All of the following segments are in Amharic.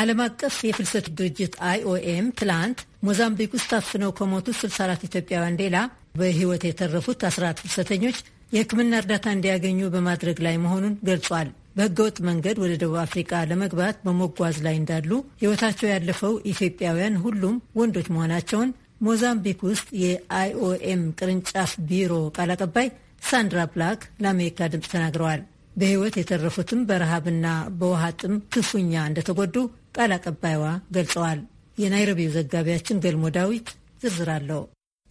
ዓለም አቀፍ የፍልሰት ድርጅት አይኦኤም ትላንት ሞዛምቢክ ውስጥ ታፍነው ከሞቱት 64 ኢትዮጵያውያን ሌላ በሕይወት የተረፉት 14 ፍልሰተኞች የሕክምና እርዳታ እንዲያገኙ በማድረግ ላይ መሆኑን ገልጿል። በህገወጥ መንገድ ወደ ደቡብ አፍሪካ ለመግባት በመጓዝ ላይ እንዳሉ ሕይወታቸው ያለፈው ኢትዮጵያውያን ሁሉም ወንዶች መሆናቸውን ሞዛምቢክ ውስጥ የአይኦኤም ቅርንጫፍ ቢሮ ቃል አቀባይ ሳንድራ ብላክ ለአሜሪካ ድምፅ ተናግረዋል። በሕይወት የተረፉትም በረሃብና በውሃ ጥም ክፉኛ እንደተጎዱ ቃል አቀባይዋ ገልጸዋል። የናይሮቢው ዘጋቢያችን ገልሞ ዳዊት ዝርዝር አለው።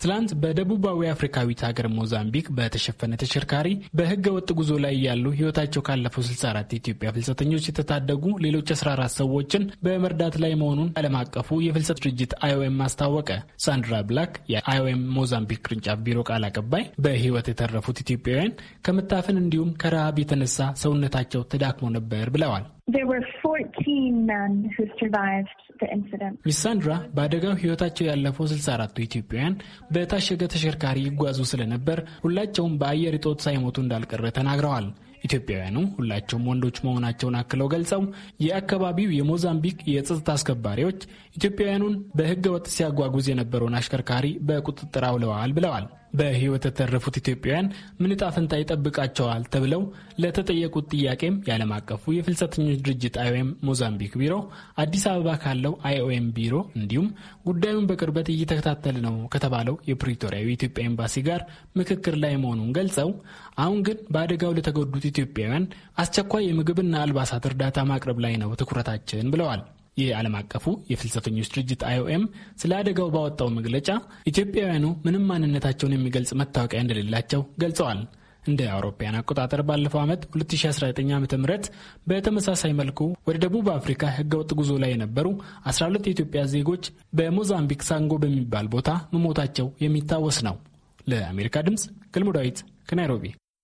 ትላንት በደቡባዊ አፍሪካዊት ሀገር ሞዛምቢክ በተሸፈነ ተሽከርካሪ በህገ ወጥ ጉዞ ላይ ያሉ ህይወታቸው ካለፈው 64 የኢትዮጵያ ፍልሰተኞች የተታደጉ ሌሎች 14 ሰዎችን በመርዳት ላይ መሆኑን ዓለም አቀፉ የፍልሰት ድርጅት አይኦኤም አስታወቀ። ሳንድራ ብላክ የአይኦኤም ሞዛምቢክ ቅርንጫፍ ቢሮ ቃል አቀባይ በህይወት የተረፉት ኢትዮጵያውያን ከመታፈን እንዲሁም ከረሃብ የተነሳ ሰውነታቸው ተዳክሞ ነበር ብለዋል። ሚስ ሳንድራ በአደጋው ሕይወታቸው ያለፈው 64ቱ ኢትዮጵያውያን በታሸገ ተሽከርካሪ ይጓዙ ስለነበር ሁላቸውም በአየር እጦት ሳይሞቱ እንዳልቀረ ተናግረዋል። ኢትዮጵያውያኑ ሁላቸውም ወንዶች መሆናቸውን አክለው ገልጸው የአካባቢው የሞዛምቢክ የጸጥታ አስከባሪዎች ኢትዮጵያውያኑን በሕገ ወጥ ሲያጓጉዝ የነበረውን አሽከርካሪ በቁጥጥር አውለዋል ብለዋል። በህይወት የተረፉት ኢትዮጵያውያን ምን ዕጣ ፈንታ ይጠብቃቸዋል ተብለው ለተጠየቁት ጥያቄም የዓለም አቀፉ የፍልሰተኞች ድርጅት አይኦኤም ሞዛምቢክ ቢሮ አዲስ አበባ ካለው አይኦኤም ቢሮ እንዲሁም ጉዳዩን በቅርበት እየተከታተል ነው ከተባለው የፕሪቶሪያዊ ኢትዮጵያ ኤምባሲ ጋር ምክክር ላይ መሆኑን ገልጸው አሁን ግን በአደጋው ለተጎዱት ኢትዮጵያውያን አስቸኳይ የምግብና አልባሳት እርዳታ ማቅረብ ላይ ነው ትኩረታችን ብለዋል። የዓለም አቀፉ የፍልሰተኞች ድርጅት አይኦኤም ስለ አደጋው ባወጣው መግለጫ ኢትዮጵያውያኑ ምንም ማንነታቸውን የሚገልጽ መታወቂያ እንደሌላቸው ገልጸዋል። እንደ አውሮፓውያን አቆጣጠር ባለፈው ዓመት 2019 ዓ ም በተመሳሳይ መልኩ ወደ ደቡብ አፍሪካ ህገወጥ ጉዞ ላይ የነበሩ 12 የኢትዮጵያ ዜጎች በሞዛምቢክ ሳንጎ በሚባል ቦታ መሞታቸው የሚታወስ ነው። ለአሜሪካ ድምፅ ገልሞ ዳዊት ከናይሮቢ